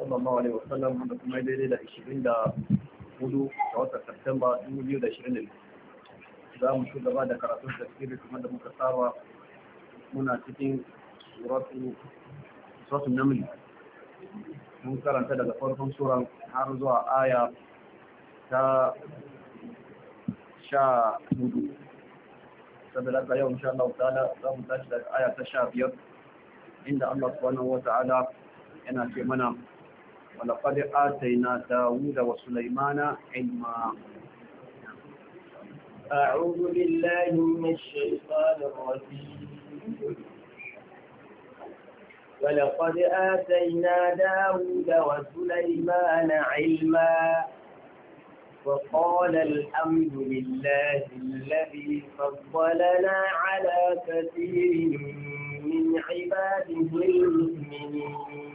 sallallahu alaihi wasallam wanda kuma ya daidai da 24 da watan Satumba 2020. za mu shugaba da karatun tafsiri kuma da muka saba muna cikin suratu naml mun karanta daga farkon suran har zuwa aya ta sha hudu saboda ka yau insha Allah ta'ala za mu tashi daga aya ta sha biyar inda Allah subhanahu wa ta'ala yana ce mana ولقد آتينا داود وسليمان علما أعوذ بالله من الشيطان الرجيم ولقد آتينا داود وسليمان علما وقال الحمد لله الذي فضلنا على كثير من عباده المؤمنين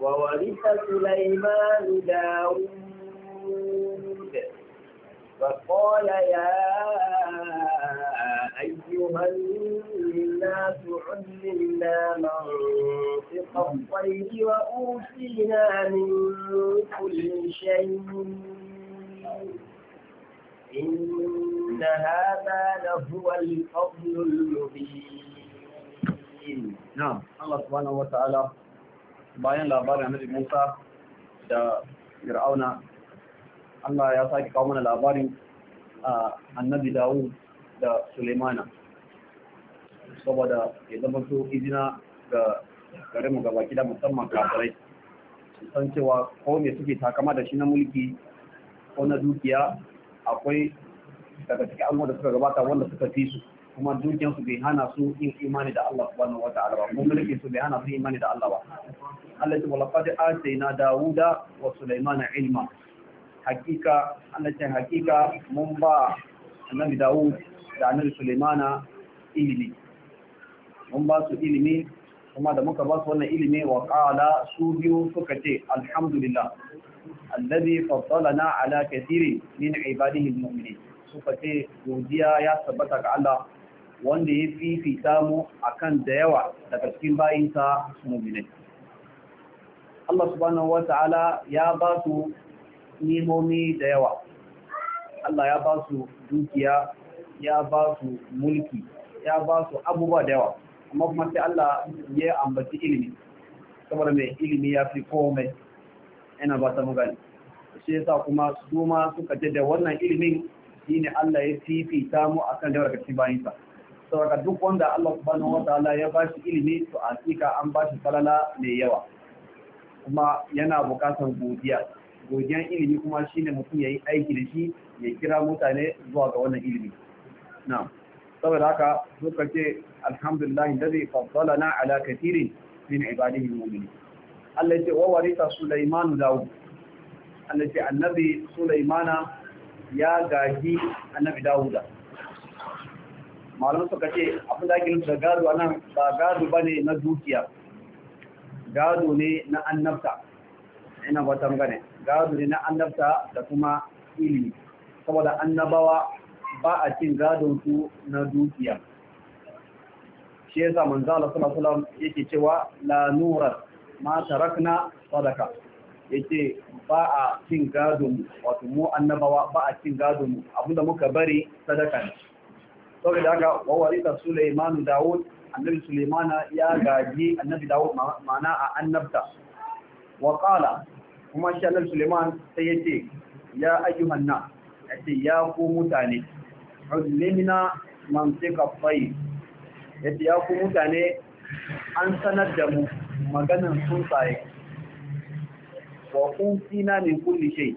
وورث سليمان داود فقال يا أيها الناس علمنا منطق الطير وأوتينا من كل شيء إن هذا لهو الفضل المبين نعم الله سبحانه وتعالى bayan labarin annabi Musa da Fir'auna Allah ya sake kawo mana labarin annabi Dawud da Sulaimana saboda ya zama so izina ga gare mu gaba gida musamman kafirai san cewa ko me suke takama da shi na mulki ko na dukiya akwai daga cikin abubuwan da suka gabata wanda suka fi su kuma dukiyar su bai hana su yin imani da Allah subhanahu wata'ala ba kuma mulkin su bai hana su imani da Allah ba Allah ya walaqad atayna Dawuda wa Sulaimana ilma hakika Allah ya hakika mun ba annabi Dawud da annabi Sulaimana ilimi mun ba su ilimi kuma da muka ba su wannan ilimi wa qala su biyu suka ce alhamdulillah alladhi faddalana ala kathirin min ibadihi almu'minin suka ce godiya ya tabbata ga Allah wanda ya fifita mu akan da yawa daga cikin bayinsa mu'minai Allah subhanahu wata'ala ya ba su nimomi da yawa Allah ya ba su dukiya ya ba su mulki ya ba su abubuwa da yawa amma kuma sai Allah ya ambaci ilimi saboda mai ilimi ya fi kome yana ba ta magani shi yasa kuma su ma suka da wannan ilimin shi ne Allah ya fifita mu akan da yawa daga cikin bayinsa saboda duk wanda Allah subhanahu wataala ya ba shi ilimi to a hakika an ba shi falala mai yawa kuma yana bukatar godiya godiyan ilimi kuma shine mutum yayi aiki da shi ya kira mutane zuwa ga wannan ilimi na'am saboda haka suka ce alhamdulillah alladhi faddalana ala kathirin min ibadihi almu'minin Allah ce wa warisa Sulaiman Dawud Allah ce annabi Sulaimana ya gaji annabi Dawuda malam suka ce abin da ake nufi da gado nan ba gado ba ne na dukiya gado ne na annabta ina wata gane gado ne na annabta da kuma ilimi saboda annabawa ba a cin gadon su na dukiya shi yasa manzo Allah sallallahu alaihi wasallam yake cewa la nurat ma tarakna sadaka yace ba a cin gado mu wato mu annabawa ba a cin gado mu abinda muka bari sadaka ne da haka wawarisa Suleiman Dawud annabi Sulaimana ya gaji annabi Dawud ma'ana a annabta wa qala kuma shi annabi Sulaiman sai ce, ya ayyuhan ya ce ya ku mutane ulimina mantika fai ce ya ku mutane an sanar da mu maganan tsuntsaye wa kun sina min kulli shay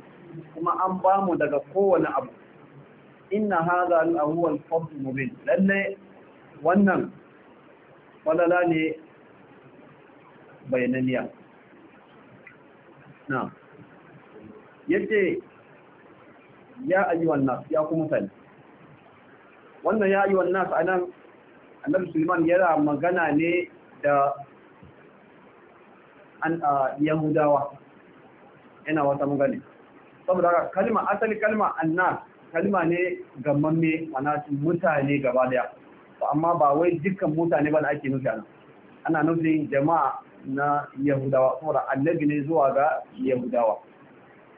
kuma an bamu daga kowane abu inna haza al-awwal fadl mubin lalle wannan falala ne bayananiya na yace ya ayyuhan wannan ya kuma sani wannan ya ayyuhan nas anan annabi Sulaiman yana magana ne da an yahudawa yana wata magana saboda kalma asali kalma annas kalma ne gamamme ana mutane gaba daya amma ba wai dukkan mutane ba da ake nufi ana ana nufin jama'a na yahudawa kuma da annabi ne zuwa ga yahudawa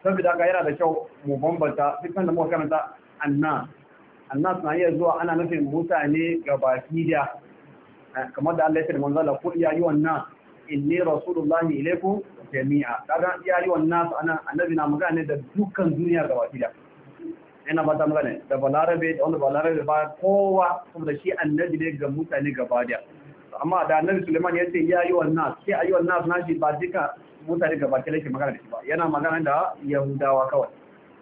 saboda ga yana da kyau mu bambanta dukkan da muka karanta anna anna na iya zuwa ana nufin mutane gaba da eh, kamar da Allah ya ce manzo Allah kul ya ayyuhan nas inni rasulullahi ilaykum jami'a kaga ya ayyuhan nas ana annabi na magana ne da dukkan duniya gaba da ina mata magana da balarabe da wanda balarabe ba kowa saboda shi annabi ne ga mutane gaba da amma da annabi suleiman ya ce ya yi wa nas sai ayi wa nas na shi ba duka mutane gaba ke lake magana da shi ba yana magana da yahudawa kawai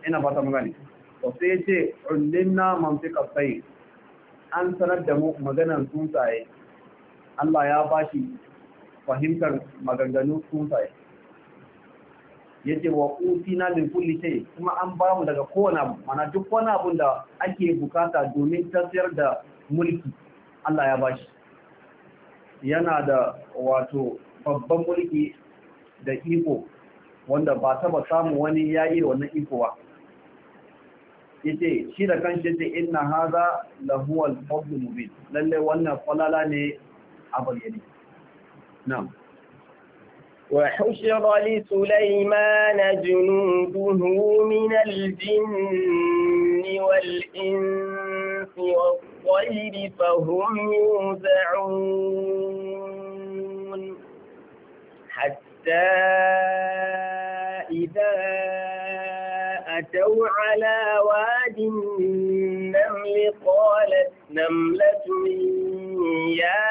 ina fata magana to sai ya ce ulinna mantiqa sai an sanar da mu sun tsuntsaye Allah ya bashi fahimtar maganganu tsuntsaye yace wa na min kulli shay kuma an ba mu daga kowane mana duk wani abun da ake bukata domin tafiyar da mulki Allah ya bashi yana da wato babban mulki da iko wanda ba taba samu wani yayi wannan iko ba yace shi da kanshi yace inna hadha lahu al-fadl mubin lalle wannan falala ne a bayyane na'am وحشر لسليمان جنوده من الجن والإنس والطير فهم يوزعون حتى إذا أتوا على واد النمل قالت نملة يا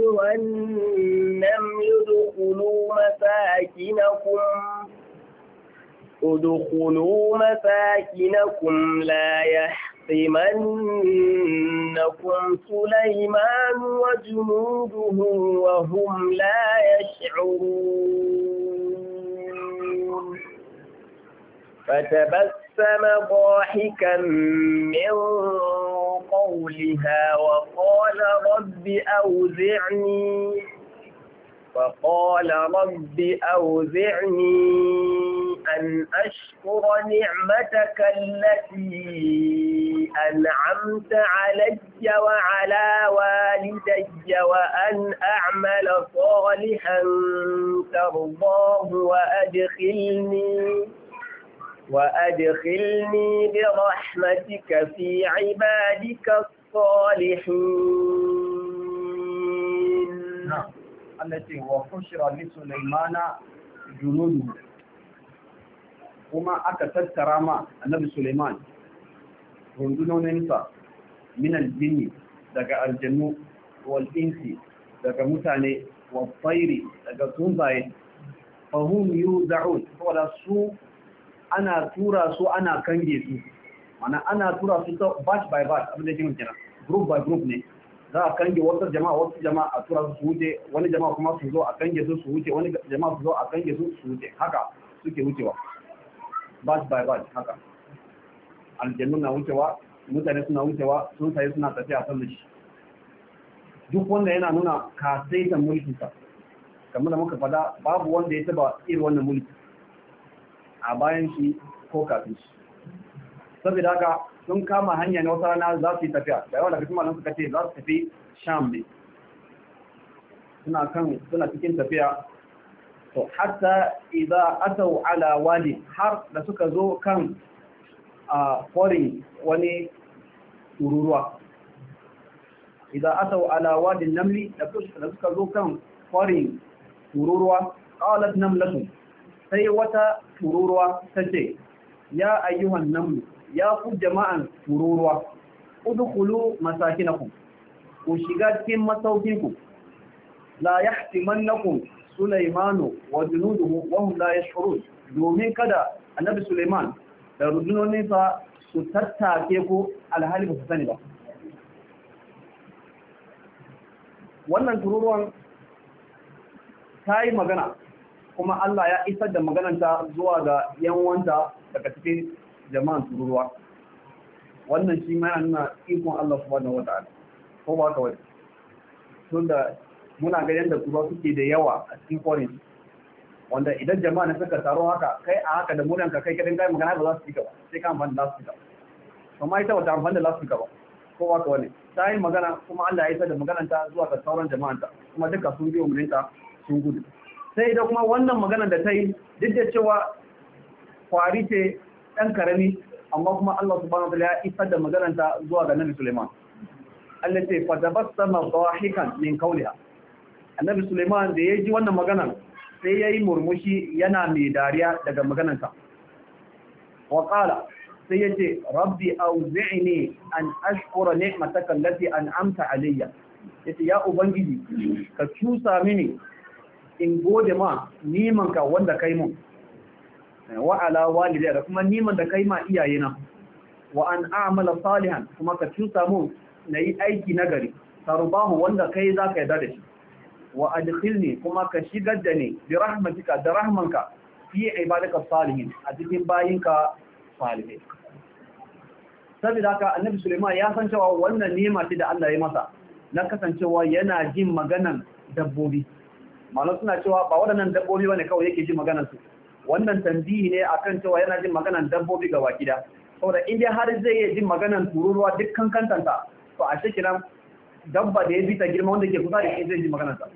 والنمل ادخلوا مساكنكم ادخلوا مساكنكم لا يحطمنكم سليمان وجنوده وهم لا يشعرون فتبسم ضاحكا من قولها وقال رب أوزعني وقال رب أوزعني أن أشكر نعمتك التي أنعمت علي وعلى والدي وأن أعمل صالحا ترضاه وأدخلني وأدخلني برحمتك في عبادك الصالحين نعم التي وحشر لسليمان جنود وما أكثر كرامة النبي سليمان رندون إنسا من الجن دقى الجن والإنس دقى متاني والطير دقى تنبعي فهم يوزعون ولا سوء ana tura su ana kange su mana ana tura su ta batch by batch abin da ke mun kenan group by group ne za a kange wata jama'a wata jama'a a tura su su wuce wani jama'a kuma su zo a kange su su wuce wani jama'a su zo a kange su su wuce haka suke wucewa batch by batch haka aljannu na wucewa mutane suna wucewa sun sayi suna tafiya san da shi duk wanda yana nuna ka sai kasaitan mulkinsa kamar da muka faɗa babu wanda ya taba irin wannan mulki a bayan shi ko kafin shi saboda haka sun kama hanya na wasu rana za su yi tafiya da yawa da cikin malamai suka ce za su tafi sham ne suna kan suna cikin tafiya to hatta idan asau ala wadi har da suka zo kan a kwarin wani tururuwa idan asau ala wadi namli da suka zo kan kwarin tururuwa qalat namlatun sai wata tururuwa ta ce ya ayyuhan nan ya ku jama'an tururuwa udkhulu masakinakum ku shiga cikin masaukinku la yahtimannakum sulaimanu wa junuduhu wa hum la domin kada annabi Suleiman da rudunoninsa su tattake ku alhali ba su sani ba wannan tururuwan ta yi magana kuma Allah ya isar da magananta zuwa ga yan daga cikin jama'an tururuwa wannan shi ma yana ikon Allah wata ala, ko ba ka kawai tun da muna ga yadda tururuwa suke da yawa a cikin foreign wanda idan jama'a na suka taro haka kai a haka da mudanka kai kadin kai magana ba za su fika ba sai ka amfani da za su lasfika amma ita wata amfani da za su lasfika ba kowa ka wani ta yi magana kuma Allah ya isa da magananta zuwa ga sauran jama'anta kuma duka sun biyo mu sun gudu sai da kuma wannan magana da ta yi duk da cewa kwari ce ɗan karami amma kuma Allah subhanahu wa ya isar da magananta zuwa ga Nabi Suleiman Allah ce fa tabassama dhahikan min qawliha Annabi Suleiman da ya ji wannan maganar sai ya yi murmushi yana mai dariya daga magananta wa qala sai yace rabbi auzi'ni an ashkura ni'mataka allati an'amta alayya yace ya ubangiji ka cusa mini in gode ma nimanka wanda kai mun wa ala walidai da kuma niman da kai ma iyayena wa an amala salihan kuma ka cusa mun na yi aiki nagari tarbahu wanda kai za ka yarda da shi wa adkhilni kuma ka shigar da ni bi rahmatika da rahmanka fi ibadaka salihin a cikin bayinka salihin saboda haka annabi Suleiman ya san cewa wannan nema ce da Allah ya masa na kasancewa yana jin maganan dabbobi mana suna cewa ba waɗannan dabbobi wani kawai yake jin maganar su wannan tambihi ne akan cewa yana jin maganar dabbobi ga da saboda in dai har zai iya jin maganar tururuwa dukkan kantanta to a shekinan dabba da ya bi ta girma wanda ke kusa da shi zai ji maganar sa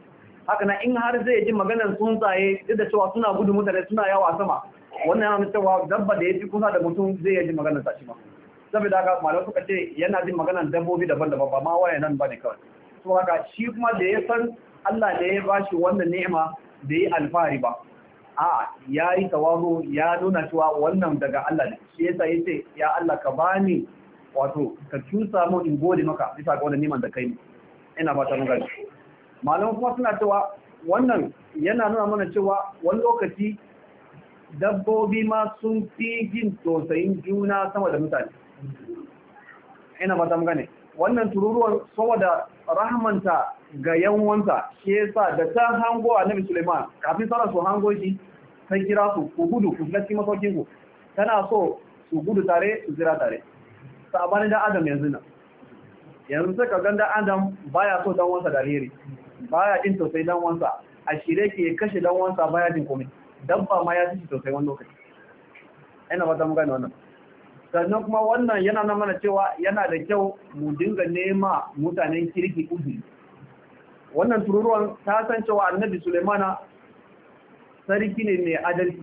haka na in har zai ji maganar tsuntsaye duk da cewa suna gudu mutane suna yawa sama wannan yana cewa dabba da ya fi kusa da mutum zai ji maganar sa shi ma saboda haka malamai suka ce yana jin maganar dabbobi daban-daban ba ma waye nan ba ne kawai to haka shi kuma da ya san Allah ne ya bashi wannan ni'ima da yi alfahari ba a ya yi tawaro ya nuna cewa wannan daga Allah ne shi yasa ce ya Allah ka bani wato ka cusa mun in gode maka bisa ga wannan niman da kai ina ta nuna gani Malamu kuma suna cewa wannan yana nuna mana cewa wani lokaci dabbobi ma sun fi jin tosayin juna sama da mutane ina fata mun ne. wannan tururuwan saboda rahmanta ga yanwansa shi sa da ta hango nabi Suleiman kafin sana su hango shi ta kira su ku gudu ku shiga masaukinku, masaukin ku tana so su gudu tare su jira tare sabanin da Adam yanzu nan yanzu sai ka ganda Adam baya so dan wansa da riri baya jin tausayi dan wansa a shirye ke kashe dan wansa baya jin komai dabba ma ya ji tausayi wani lokaci ina ba ta mun gane wannan sannan kuma wannan yana na mana cewa yana da kyau mu dinga nema mutanen kirki uzuri wannan tururuwan ta san cewa annabi Sulemana sarki ne mai adalci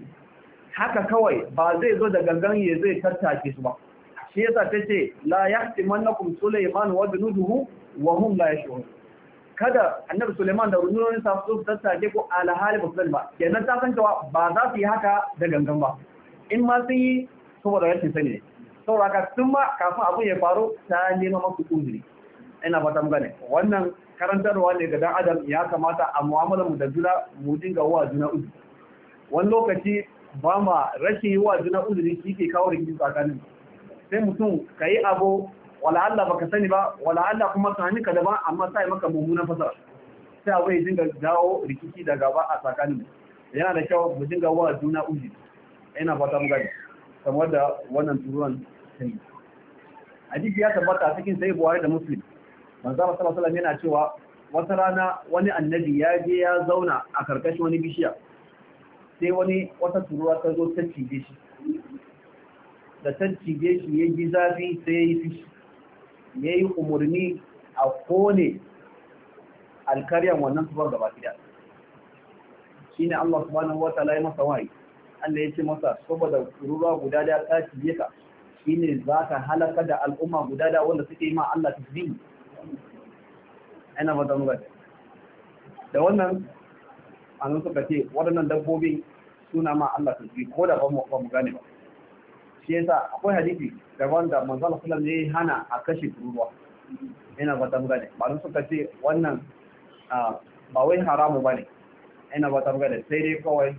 haka kawai ba zai zo da gangan ya zai tattake su ba shi yasa ta ce la mannakun Suleiman wa junuduhu wa hun la shi kada annabi Suleiman da rundunonin sa su tattake ko alhali ba su ba kenan ta san cewa ba za su yi haka da gangan ba in ma sun yi saboda rashin sani ne saboda haka sun ma kafin abin ya faru ta nema masu uzuri ina fata mun gane wannan karantarwa ne ga dan adam ya kamata a mu'amalar mu da juna mu dinga wa juna uzuri wani lokaci ba ma rashin yi wa juna uzuri shi ke kawo rikici tsakanin sai mutum ka yi abu wala Allah baka sani ba wala Allah kuma tunani ka ba amma sai maka mummunan fasara sai abu ya dinga jawo rikici da gaba a tsakanin yana da kyau mu dinga wa juna uzuri ina fata mu gani kamar da wannan turuwan hadisi ya tabbata cikin sai Buhari da Muslim manzo Allah sallallahu alaihi yana cewa wata rana wani annabi ya je ya zauna a karkashin wani bishiya sai wani wata turuwa ta zo ta cije shi da ta cije shi ya ji zafi sai ya yi fishi ya yi umarni a kone alkaryan wannan turuwar gaba gida shi ne Allah subhanahu wa ta'ala ya masa wayi Allah ya ce masa saboda turuwa guda da ta cije ka shi ne za ka halaka da al'umma guda da wanda suke yi ma Allah tasbihi ina mata muka da wannan a nan suka ce waɗannan dabbobi suna ma Allah su ji ko da ba mu gane ba shi yasa akwai hadisi da da manzon Allah sallallahu alaihi hana a kashe turuwa ina fata muka ne ba suka ce wannan ba wai haramu bane ina fata muka ne sai dai kawai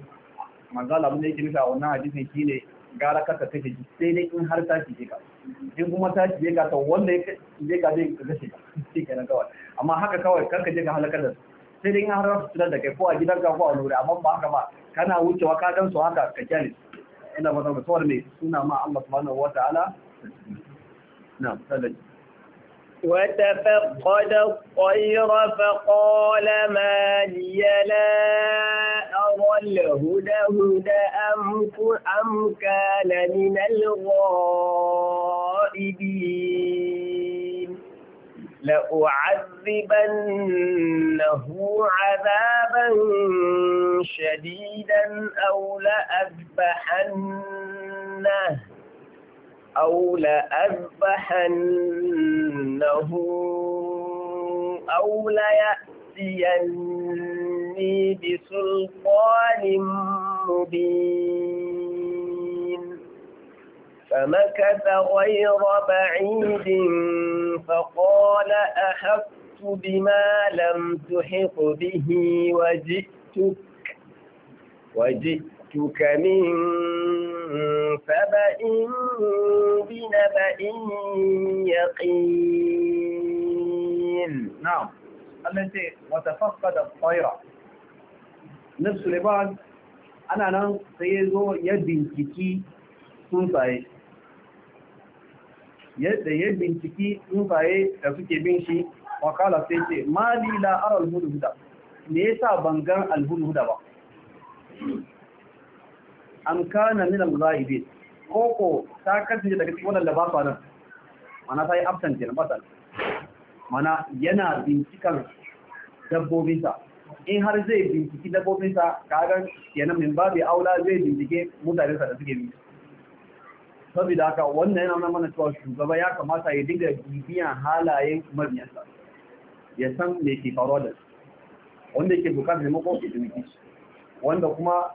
manzon Allah ne yake nufi a wannan hadisin shine gara kasa take ji sai dai in har ta shige ka in kuma ta shige ka to wanda ya shige ka zai kashe ka shi kenan kawai amma haka kawai kar ka je ka halakar da su sai dai in har za tunar da kai ko a gidan ka ko a wani amma ba haka ba kana wucewa ka gan su haka ka kyale su ina ba zama tsawar mai suna ma Allah subhanahu wa ta'ala na sallaji وتفقد الطير فقال ما لي لا أرى الهدهد أم, أم كان من الغائبين لأعذبنه عذابا شديدا أو لأذبحنه أو لأذبحنه أو ليأتيني بسلطان مبين فمكث غير بعيد فقال أحطت بما لم تحط به وجئتك وجئتك من سبأ بنبأ يقين نعم التي وتفقد الطيرة نفس لبعض أنا نان سيزو يدين كيكي تنطيش yadda ya binciki tsuntsaye da suke bin shi wakala sai ce ma li la ara ne me sa ban ga alhudhuda ba an kana min al-ghaibin koko ta kasance daga cikin wadanda ba nan mana ta yi absence na ba mana yana bincikan dabbobinsa in har zai binciki dabbobinsa kagan kenan min babu aula zai bincike mutanensa da suke bincike saboda haka wannan yana nuna mana cewa shugaba ya kamata ya dinga bibiyan halayen mabiyansa ya san me ke faruwa da wanda yake bukatar maimakon ya taimake wanda kuma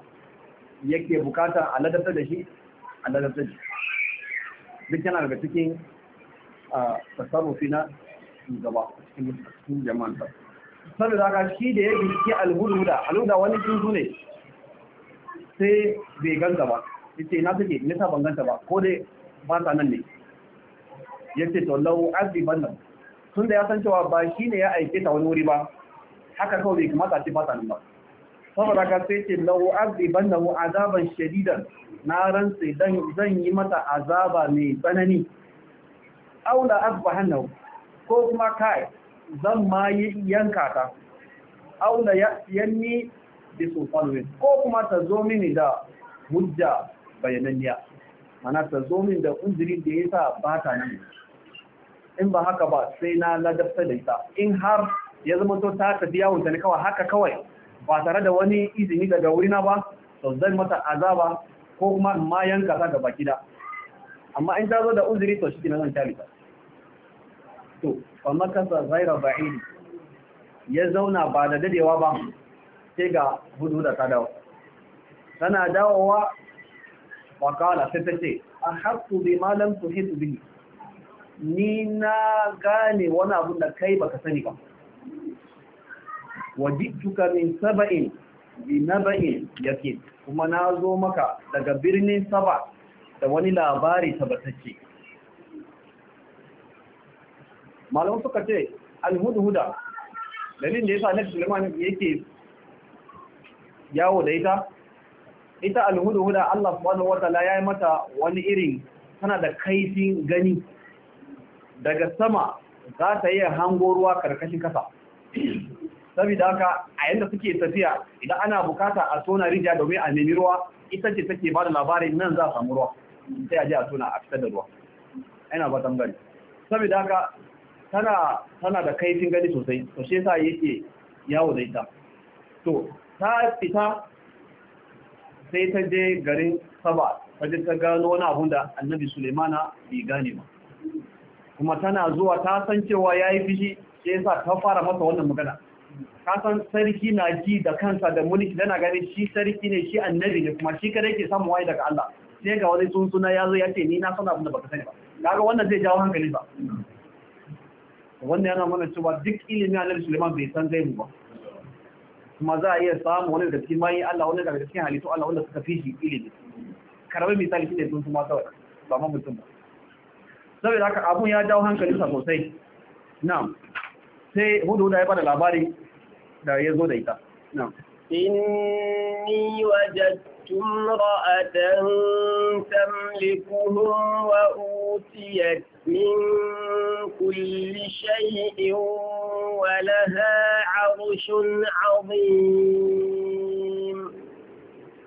yake bukatar a ladabtar da shi a ladabtar da shi duk yana daga cikin tasarrufi fina shugaba cikin jama'a saboda haka shi da ya bincike alhuda alhuda wani tuntu ne sai bai ganta ba yace na take me yasa ban ganta ba ko dai ba ta nan ne yace to lau aziban nan tun da ya san cewa ba shi ne ya aike ta wani wuri ba haka kawai bai kamata ce ba ta nan ba saboda ka sai ce lau aziban nan azaban shadidan na rantse dan zan yi mata azaba mai tsanani aula hannu, ko kuma kai zan ma yi yanka ta aula yanni bi sultanin ko kuma ta zo mini da hujja bayananniya mana ta zo min da uzurin da ya sa ba ta nan in ba haka ba sai na ladafta da ita in har ya zama to ta tafi yawon ta ne kawai haka kawai ba tare da wani izini daga wurina ba to zai mata azaba ko kuma ma yanka ta gaba gida amma in ta zo da uzuri to shi zan kyale ta to fa makasa zaira ba'idi ya zauna ba da dadewa ba sai ga hudu da ta dawo tana dawowa wa kala sai ce a haƙƙu malam su hitu bi ni na gane wani abu da kai baka sani ba wajituka min saba'in bi naba'in yakin kuma na zo maka daga birnin saba da wani labari tabbatacce malamu suka ce alhudhuda dalilin da yasa Annabi Sulaiman yake yawo da ita ita alhuda-huda Allah subhanahu wa ta'ala ya yi mata wani irin tana da kaifin gani daga sama za ta iya hango ruwa karkashin kasa saboda haka a yanda suke tafiya idan ana bukata a tona rijiya domin a nemi ruwa ita ce take ba da labarin nan za a samu ruwa sai a je a tona a fitar da ruwa ina ba gani saboda haka tana tana da kaifin gani sosai to shi yasa yake yawo da ita to ta fita sai ta je garin saba wajen ta gano wani abun da annabi sulemana bai gane ba kuma tana zuwa ta san cewa ya yi fishi sai yasa ta fara masa wannan magana ka san sarki na ji da kansa da mulki dana gani shi sarki ne shi annabi ne kuma shi kada yake samun waye daga Allah sai ga wani tsuntsuna ya zo ya ce ni na san abin da baka sani ba kaga wannan zai jawo hankali ba wannan yana mana cewa duk ilimin annabi Sulaiman bai san zai mu ba kuma za a iya samu wani daga cikin bayan Allah wani daga cikin halittu Allah wanda suka fi shi ilimi karamin misali shi ne sun kuma kawai ba ma mutum ba saboda haka abun ya jawo hankali sa sosai na'am sai hudu da ya bada labari da ya zo da ita na'am inni wajadtu امرأة تملكهم وأوتيت من كل شيء ولها عرش عظيم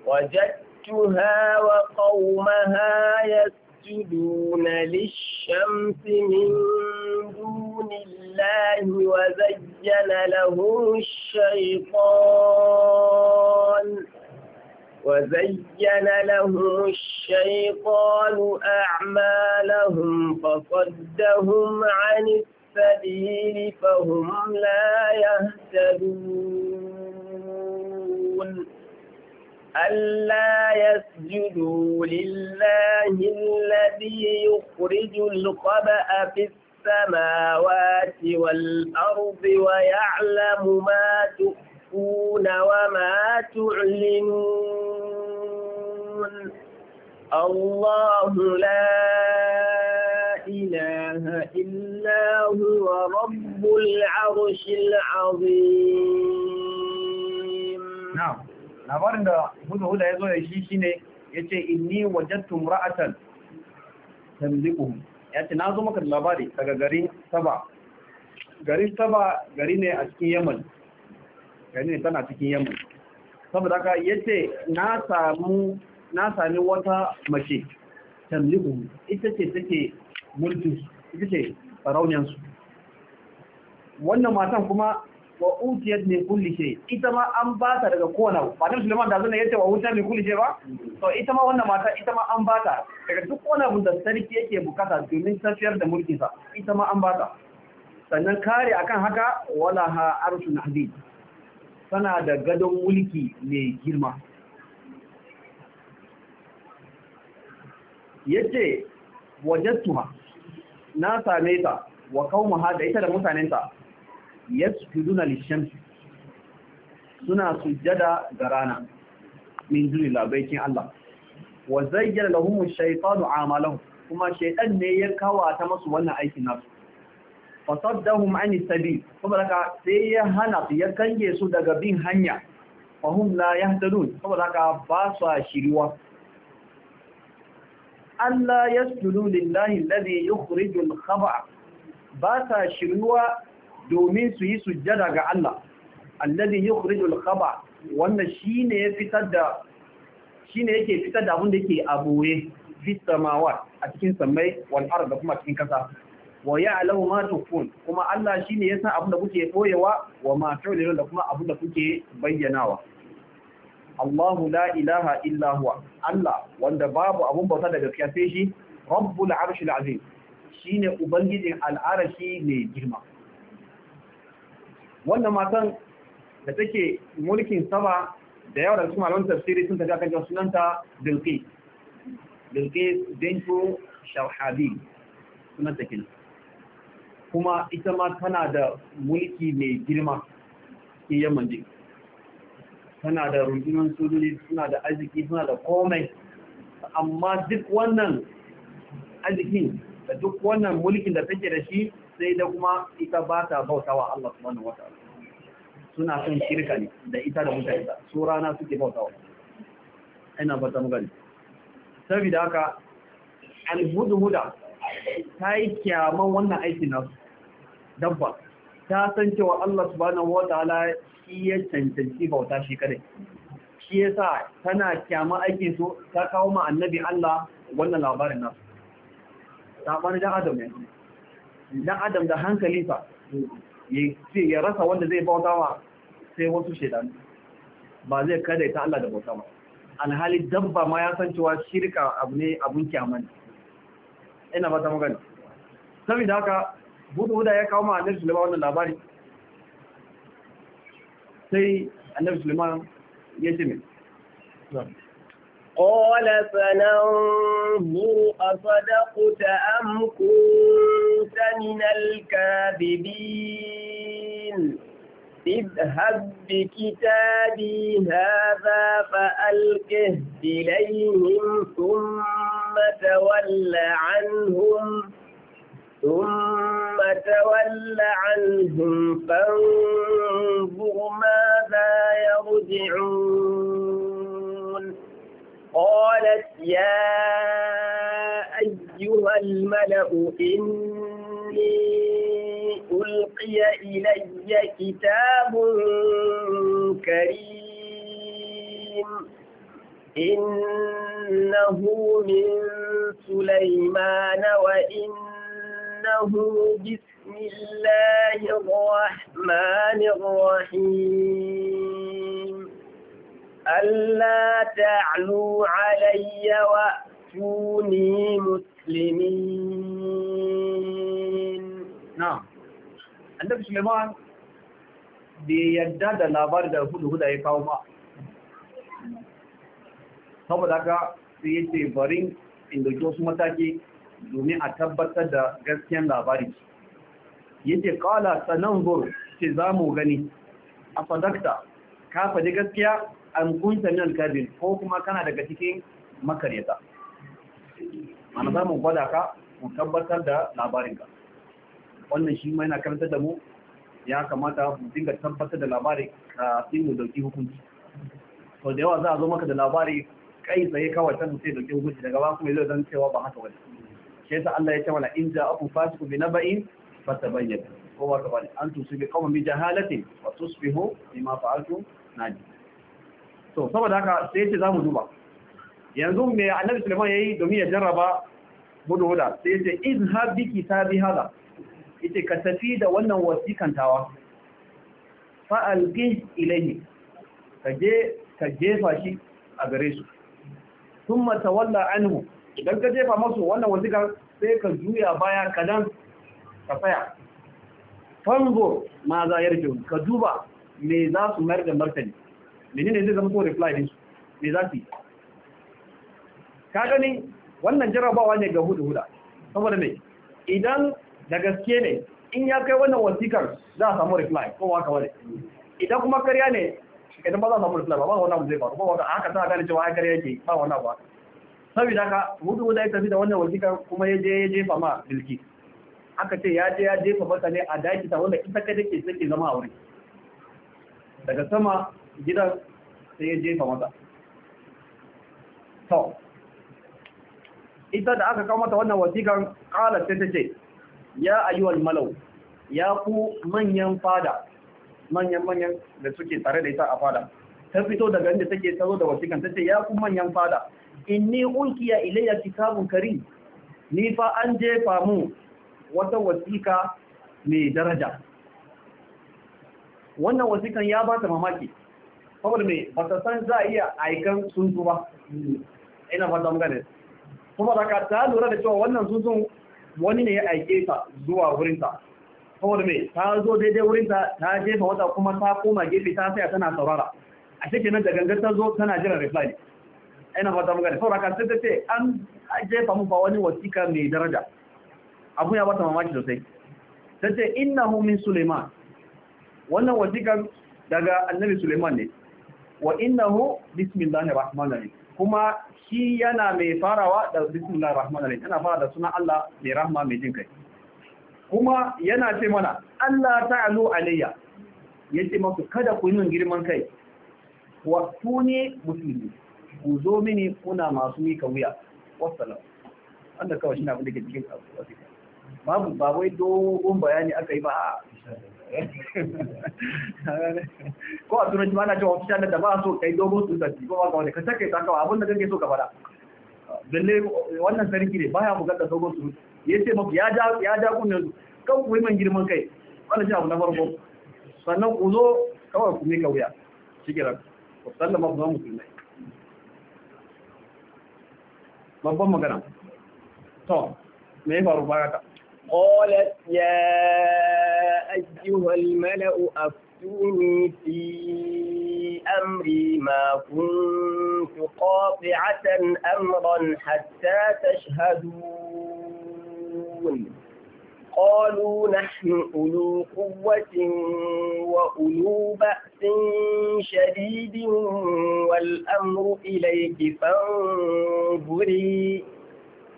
وجدتها وقومها يسجدون للشمس من دون الله وزين لهم الشيطان وزين لهم الشيطان أعمالهم فصدهم عن السبيل فهم لا يهتدون ألا يسجدوا لله الذي يخرج الخبأ في السماوات والأرض ويعلم ما تؤمن تخفون وما تعلنون الله لا إله إلا هو رب العرش العظيم نعم labarin da hudu-hudu ya zo ya shi shi ne ya ce inni wajattun ra'atan tanzikuhun ya ce na zo maka da labari daga garin saba garin saba gari ne a cikin yaman benin tana cikin yamma saboda ka yace na samu na sami wata mace tamliku ita ce take mulki ita ce farauniyan su wannan matan kuma wa utiyat min kulli shay ita ma an ba ta daga kowane ba dan Suleiman da zan yace wa utiyat min kulli shay ba to ita ma wannan mata ita ma an ba ta daga duk wani abu da sarki yake bukata domin tafiyar da mulkin sa ita ma an ba ta sannan kare akan haka wala ha arshun hadid tana da gadon mulki mai girma yace wajattuha na same ta wa qaumuha da ita da mutanenta yasjuduna lishamsi suna sujjada ga rana min dunila baikin Allah wa zayyana lahum ash-shaytanu a'malahum kuma shaytan ne ya kawata masu wannan aikin nasu fasaddahum ani sabi saboda haka sai ya hana ya kange su daga bin hanya fahum la yahtadun saboda haka ba su shiriwa Allah yasjudu lillahi alladhi yukhrijul khaba ba sa shiriwa domin su yi sujjada ga Allah alladhi yukhrijul khaba wannan shine ya fitar da shine yake fitar da abin da yake aboye fi samawat a cikin samai wal ard kuma cikin kasa wa ya'lamu ma tukun kuma Allah shine ya san abin da kuke koyewa wa ma da da kuma abin da kuke bayyanawa Allahu la ilaha illa huwa Allah wanda babu abun bauta da gaskiya sai shi Rabbul Arshil Azim shine ubangijin al'arashi ne girma wannan matan da take mulkin sama da yawa da su malaman tafsiri sun tafi kan sunanta Bilqis Bilqis bintu Shawhabi sunanta kenan kuma ita ma tana da mulki mai girma ke yamman jiki tana da rundunar sojoji suna da arziki suna da komai amma duk wannan arzikin da duk wannan mulkin da take da shi sai da kuma ita ba ta bautawa Allah subhanahu wata. suna son shirka ne da ita da mutane su rana suke bautawa ina ba mu gani saboda haka al Huda ta yi kyaman wannan aikin nasu dabba ta san cewa Allah subhanahu wataala shi ya cancanci bauta shi kadai shi yasa tana kyama aikin su ta kawo ma annabi Allah wannan labarin nasu bani dan adam ne dan adam da hankali fa ya rasa wanda zai bauta wa sai wasu shedan ba zai kada ta Allah da bauta ba alhali dabba ma ya san cewa shirka abu ne abun kyaman ina ba ta magana saboda haka huda ya kawo ma annabi Sulaiman wannan labari sai annabi Sulaiman ya ce min قال فننظر أصدقت أم كنت من الكاذبين اذهب بكتابي هذا فألقه إليهم ثم تول عنهم ثم وتول عنهم فانظر ماذا يرجعون قالت يا أيها الملأ إني ألقي إلي كتاب كريم إنه من سليمان وإن له بسم الله الرحمن الرحيم ألا تعلوا علي وأتوني مسلمين نعم annabi Suleiman bai yadda da labar da hudu-huda ya kawo ba. Saboda haka sai ya in dauki wasu mataki domin a tabbatar da gaskiyan labari yake kala gur ce za mu gani a fadakta ka faɗi gaskiya an kunta min kabin ko kuma kana daga cikin makaryata mana za mu gwada ka mu tabbatar da labarinka wannan shi ma yana karantar da mu ya kamata mu dinga tabbatar da labari kafin mu dauki hukunci to da yawa za a zo maka da labari kai tsaye kawai ta sai dauki hukunci daga ba kuma zai zan cewa ba haka wani shi yasa Allah ya ce mana in ja'akum fasiqun bi naba'in fatabayyan ko wa kabani an tusibi qauman bi jahalatin wa tusbihu bima fa'altum naji to saboda haka sai yace zamu duba yanzu me Annabi Sulaiman yayi domin ya jarraba hudhuda sai yace izhab bi kitabi hada yace ka tafi da wannan wasikan tawa fa alqih ilayhi kaje ka jefa shi a gare su thumma tawalla anhu idan ka jefa masu wannan wasikar sai ka juya baya kadan ka tsaya fango ma za ya rufe ka duba me za su mayar da martani menene zai zama ko reply din su me za su yi ka gani wannan jarabawa ne ga hudu huda saboda me idan da gaske ne in ya kai wannan wasikar za a samu reply ko waka wani idan kuma karya ne idan ba za a samu reply ba ba wannan zai faru ba wanda aka sa gane cewa ya karya ke ba wannan ba? saboda haka hudu da ya tafi da wannan wajika kuma ya je ya jefa ma bilki aka ce ya je ya jefa mata ne a daki ta wanda ita kai take take zama aure daga sama gidan sai ya jefa mata to ita da aka kawo mata wannan wasiƙan kala sai ta ce ya ayyuwal malau ya ku manyan fada manyan manyan da suke tare da ita a fada ta fito daga inda take tazo da wasiƙan ta ce ya ku manyan fada inni ulkiya ilayya kitabun karim ni fa an jefa mu wata wasika mai daraja wannan wasikan ya bata mamaki saboda mai bata san za a iya aikan tsuntsu ba ina fata mun gane kuma ka ta lura da cewa wannan tsuntsun wani ne ya aike ta zuwa wurinta saboda mai ta zo daidai wurinta ta jefa wata kuma ta koma gefe ta saya tana saurara a cikin nan da gangan ta zo tana jiran reply ina fata muka ne sauraka sai ta ce an jefa mu fa wani wasika mai daraja abun ya bata mamaki sosai tace ce innahu min suleiman wannan wasikan daga annabi suleiman ne wa innahu bismillahir rahmanir rahim kuma shi yana mai farawa da bismillahir rahmanir rahim yana fara da sunan Allah mai rahma mai jin kai kuma yana ce mana Allah ta'alu alayya yace maku kada ku yi min girman kai wa tuni muslimi ku zo mini kuna masu mika wuya an wanda kawai shine abin da ke cikin wasiƙa babu ba wai dogon bayani aka yi ba ko a turanci ma na cewa shanar da ba so kai dogon tutanci ko ba kawai ka sake ta kawai abin da kake so ka fada balle wannan sarki ne baya bukatar dogon surutu ya ce mafi ya ja ya su kan kuwa yi man girman kai wanda shi abu na farko sannan ku zo kawai ku mika wuya shi kira ku sallama ku zama musulmai babban magana to me ya faru baya ta qalat ya ayyuha al-mala'u aftuni fi amri ma kuntu qati'atan amran hatta tashhadun قالوا نحن أولو قوة وأولو بأس شديد والأمر إليك فانظري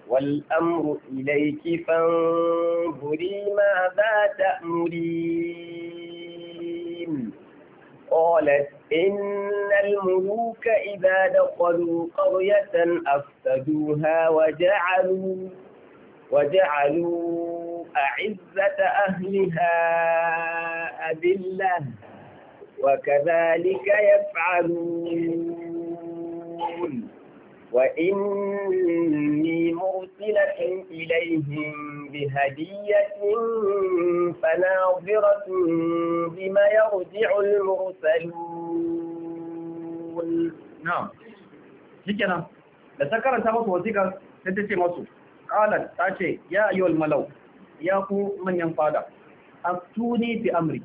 والأمر إليك فانظري ماذا تأمرين قالت إن الملوك إذا دخلوا قرية أفسدوها وجعلوا وجعلوا أعزة أهلها أذلة وكذلك يفعلون وإني مرسلة إليهم بهدية فناظرة بما يرجع المرسلون نعم شكرا da ta karanta قالت wasiƙar يا أيها الملوك ya ku manyan fada tuni bi amri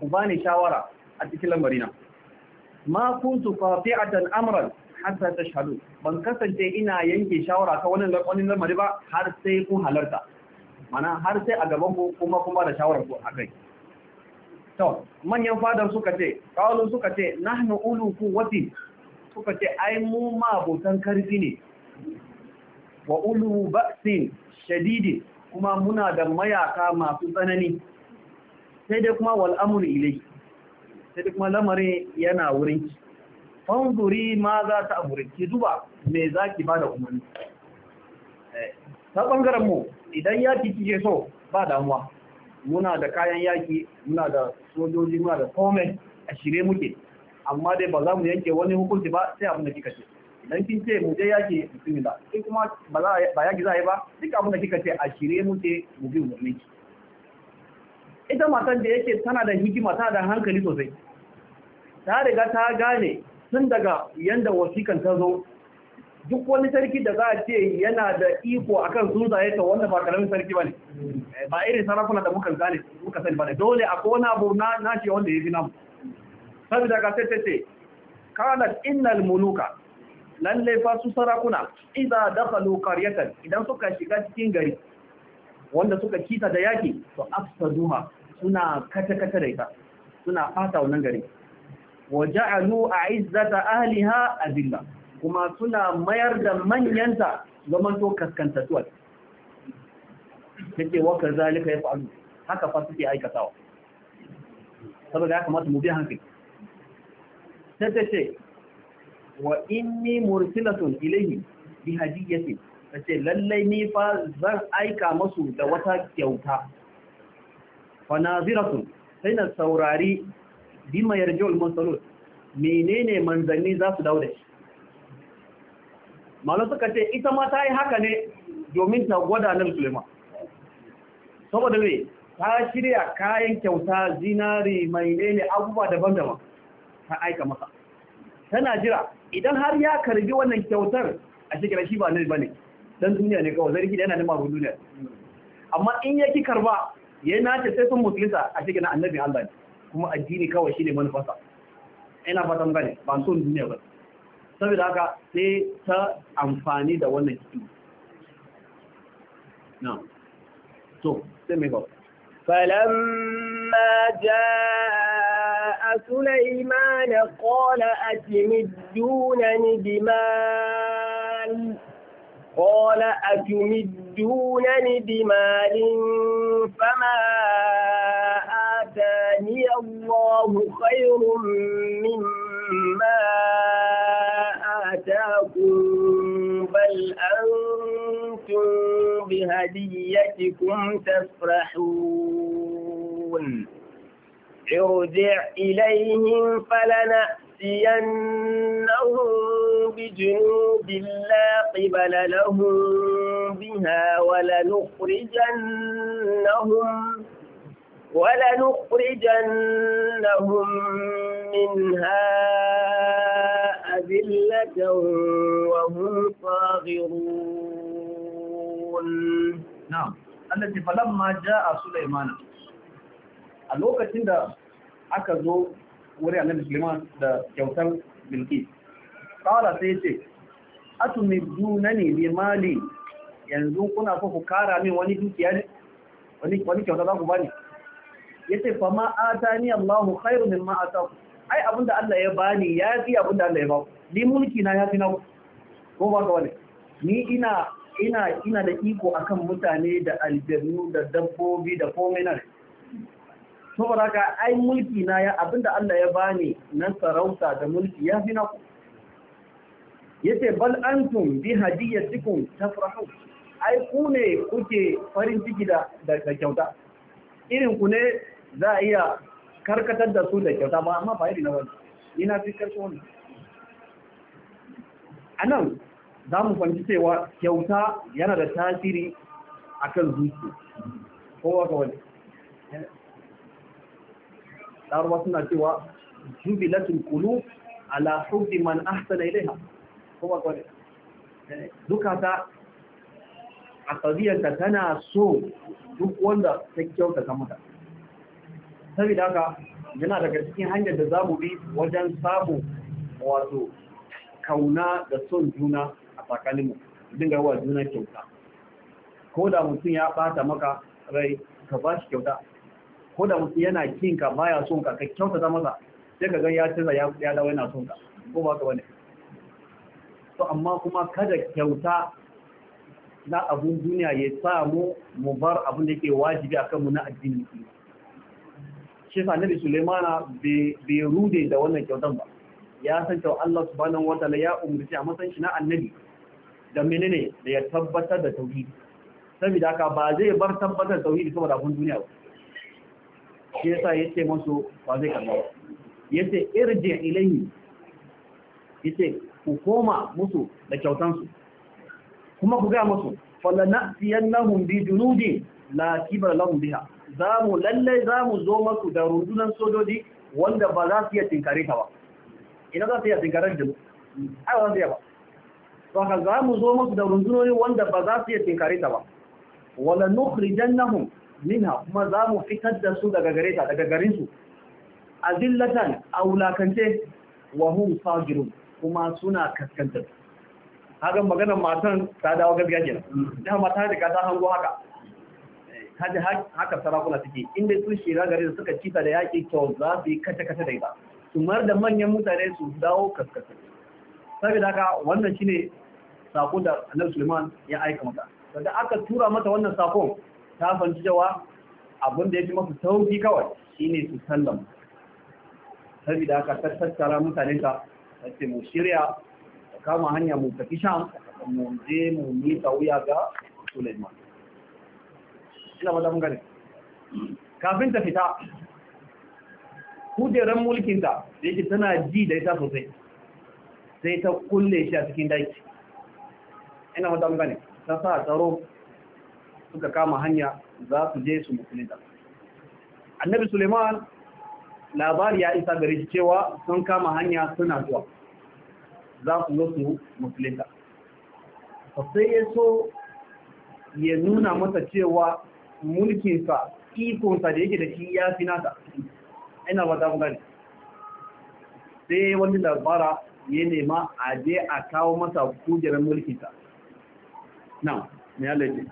ku bani shawara a cikin lamarina ma kuntu fati'atan amran hatta tashhadu ban kasance ina yanke shawara ka wani wannan lamari ba har sai ku halarta mana har sai a gaban ku kuma kuma da shawarar ku akai to manyan fadar suka ce kawalun suka ce nahnu ulu quwwati suka ce ai mu ma abotan karfi ne wa ulu ba'sin shadidi kuma muna da mayaka masu tsanani sai dai kuma wal'amuri ilai sai dai kuma lamarin yana wurin ki fanzuri ma za ta amuri ki zuba me za ki ba da umarni eh, ta ɓangaren mu idan yaki kike so ba damuwa muna da kayan yaki muna da sojoji muna da komai a shirye muke amma dai ba za mu yanke wani hukunci ba sai abin da kika ce dan kin ce mu je yaki da sai kuma ba za ba yaki za a yi ba duk abin da kika ce a shirye muke mu bi umarni ita matan da yake tana da hikima tana da hankali sosai ta riga ta gane tun daga yanda wasikan ta zo duk wani sarki da za a ce yana da iko akan tsuntsaye ta wanda ba karamin sarki ba ne eh, ba irin sarakuna da muka gane muka sani ba ne dole a kona abu na nashi wanda ya fi namu Sabida ka sai ce kanat innal muluka Lallai fa su sarakuna da kalu qaryatan idan suka shiga cikin gari wanda suka kita da yaki to afsaduha suna kata kata da ita suna fata wannan gari wa ja'alu a'izzata ahliha azilla kuma suna mayar da manyanta zaman to kaskantatuwa yake wa kazalika yaf'alu haka fa suke aikatawa saboda ya kamata mu bi hankali sai ta ce wa inni mursilatun ilayhi bi hadiyatin tace lallai ni fa zan aika masu da wata kyauta fa naziratun sai na saurari bima al mursalun menene manzanni za su dawo da shi malam suka ce ita ma ta yi haka ne domin ta gwada nan Suleiman saboda me ta shirya kayan kyauta zinari mai ne abubuwa daban-daban ta aika masa tana jira idan har ya karbi wannan kyautar a shekara shi ba nan bane dan duniya ne kawai zargi yana da mabudu duniya amma in ya ki karba ya ta sai sun musulunta a shekara annabi Allah ne kuma addini kawai shine manufarsa ina fatan gane ba son duniya ba saboda haka sai ta amfani da wannan hikima na'am to sai mai ba. falamma jaa سليمان قال أتمدونني بمال قال أتمدونني بمال فما آتاني الله خير مما آتاكم بل أنتم بهديتكم تفرحون ارجع إليهم فلنأتينهم بجنود لا قبل لهم بها ولنخرجنهم ولنخرجنهم منها أذلة وهم صاغرون نعم التي فلما جاء سليمان a lokacin da aka zo wuri annabi Suleiman da kyautar bilki qala sai ce ne bi mali yanzu kuna ko ku kara min wani dukiya ne wani wani kyauta za ku bani yace fa ma atani Allahu khairu mimma ataku ai abinda Allah ya bani ya fi abinda Allah ya ba ni mulki na ya fi na ko ba ka wani ni ina ina ina da iko akan mutane da aljannu da dabbobi da komai na saboda ga ai mulki na ya abinda Allah ya bani na sarauta da mulki ya fi na ku yace bal antum bi hadiyatikum tafrahu ai ku ne kuke farin ciki da da kyauta irin ku ne za a iya karkatar da su da kyauta ba amma ba irin na wani ina fi karshe wani anan za mu fahimci cewa kyauta yana da tasiri akan zuciya kowa ga wani larabawa suna cewa jubilatul qulub ala hubbi man ahsana ilaiha kuma duka ta a ta tana so duk wanda ta kyauta ta mata saboda haka yana daga cikin hanyar da za bi wajen samu wato kauna da son juna a tsakaninmu dinga wa juna kyauta ko da mutum ya bata maka rai ka ba shi kyauta ko da mutum yana kin ka baya son ka ka kyautata masa sai ka ga ya tsaya ya ya dawo yana son ka ko ba ka bane to amma kuma kada kyauta na abun duniya ya samu mu bar abun da yake wajibi akan mu na addini shi yasa Nabi Sulaimana bai rude da wannan kyautan ba ya san cewa Allah subhanahu wataala ya umurci a matsayin shi na annabi da menene da ya tabbatar da tauhidi saboda haka ba zai bar tabbatar tauhidi saboda abun duniya ba shi yasa yace musu ba zai karba yace irji ilayhi yace ku koma musu da kyautan su kuma ku ga musu falanatiyannahum bi junudi la kibar lahum biha zamu lalle zamu zo musu da rundunan sojoji wanda ba za su iya tinkare ta ba ina za su iya tinkare da ai ba za ba to haka zamu zo musu da rundunoni wanda ba za su iya tinkare ta ba wala nukhrijannahum minha kuma za mu fitar da su daga gare ta daga garin su azillatan a wulakance wa hum fajirun kuma suna kaskanta kaga maganar matan ta dawo gaskiya kenan mm. dama ta riga ta hango haka kaji haka sarakuna suke inda sun shira gare da suka cita da yaƙi to za su yi kata-kata da ita su mar da manyan mutane su dawo kaskanta saboda haka wannan shine sako da annabi Suleiman ya aika mata da aka tura mata wannan sakon ka fahimci cewa abin da ya fi masu sauki kawai shine su sallama saboda aka tattara mutane ta sai mu shirya kama hanya mu tafi sham mu je mu yi tawuya ga Suleiman ina ba mun gani kafin ta fita kujeran mulkin ta da yake tana ji da ita sosai sai ta kulle shi a cikin daiki ina ba mun gani ta sa tsaro suka kama hanya za su je su mutunta annabi suleiman labari ya isa gare shi cewa sun kama hanya suna zuwa za su zo su musulunta sai ya so ya nuna mata cewa mulkinsa ikonsa da yake da shi ya fi nata ina ba ta gani sai wani labara ya nema a je a kawo mata kujerar mulkinsa na mai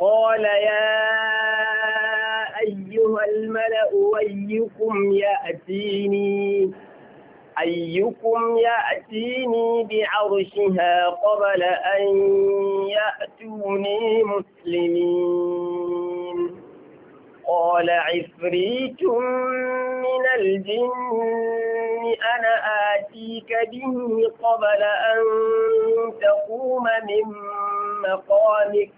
قال يا أيها الملأ أيكم يأتيني أيكم يأتيني بعرشها قبل أن يأتوني مسلمين قال عفريت من الجن أنا آتيك به قبل أن تقوم من مقامك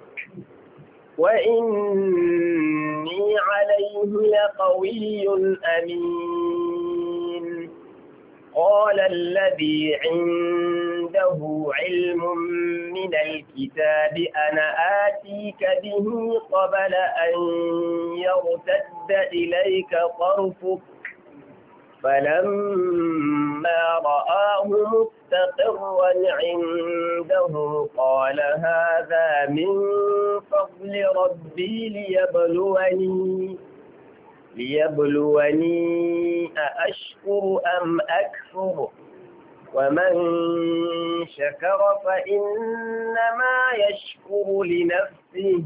وإني عليه لقوي أمين قال الذي عنده علم من الكتاب أنا آتيك به قبل أن يرتد إليك طرفك فلما رآه مستقرا عنده قال هذا من فضل ربي ليبلوني ليبلوني أأشكر أم أكفر ومن شكر فإنما يشكر لنفسه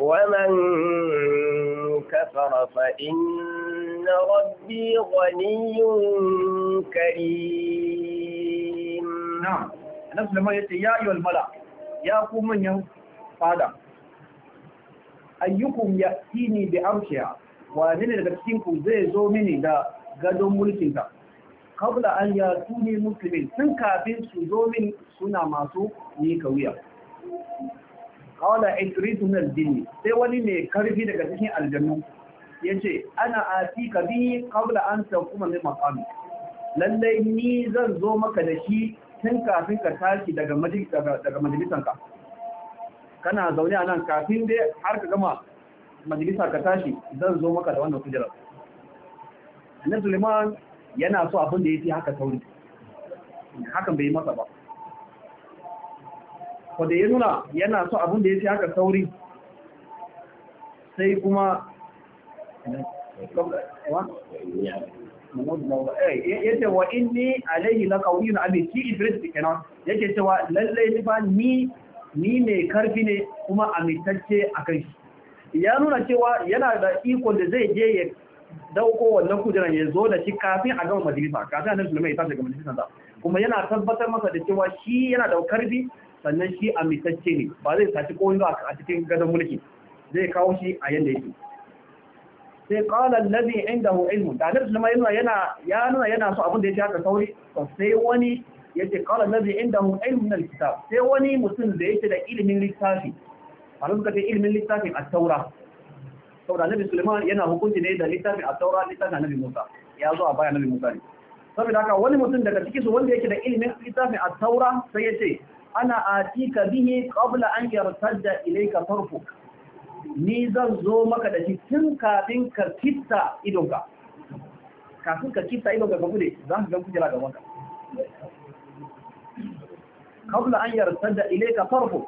ومن كفر فإن ربي غني كريم نعم نفس لما يتي يا أيها الملأ يا قوم من يوم فادا ayyukum yatini bi amshiha wani ne daga cikin ku zai zo mini da gadon mulkin ta? kabla an ya tuni muslimin tun kafin su zo mini suna masu mika wuya. Kawala in min na jinn sai wani mai karfi daga cikin aljannu ce, ana ka bi qabla an kuma mai maqami lallai ni zan zo maka da shi tun kafin ka tashi daga majalisanka kana zaune a nan kafin dai har ka gama majalisa ka tashi zan zo maka da wannan kujerar annabi Suleiman yana so abin da ya fi haka sauri hakan bai yi masa ba wadda ya nuna yana so abin da ya ce haka sauri sai kuma ya ce wa inni alaihi na ƙauniyun abin ki idris da kenan yake cewa lallai fa ni ni mai karfi ne kuma amintacce a kai ya nuna cewa yana da iko da zai je ya dauko wannan kujeran ya zo da shi kafin a gama majalisa kafin annabi sulaiman ya tashi ga majalisa kuma yana tabbatar masa da cewa shi yana da karfi sannan shi amintacce ne ba zai sace komai ba a cikin gadon mulki zai kawo shi a yanda yake sai qala allazi indahu ilmu da Annabi Sulaiman yana yana ya nuna yana so abin da yake haka sauri to sai wani yace qala allazi indahu ilmu min alkitab sai wani mutum da yake da ilimin littafi malamin da ilimin littafin at-taura da Annabi Sulaiman yana hukunci ne da littafin at-taura littafin Annabi Musa ya zo a bayan Annabi Musa ne saboda haka wani mutum daga cikin su wanda yake da ilimin littafin at-taura sai yace ana ka bihi qabla an yartadda ilayka tarfuk ni zan zo maka da shi tun kafin ka kitta idonka kafin ka kitta idonka ka gude za ka ga kujera gaban ka qabla an yartadda ilayka farko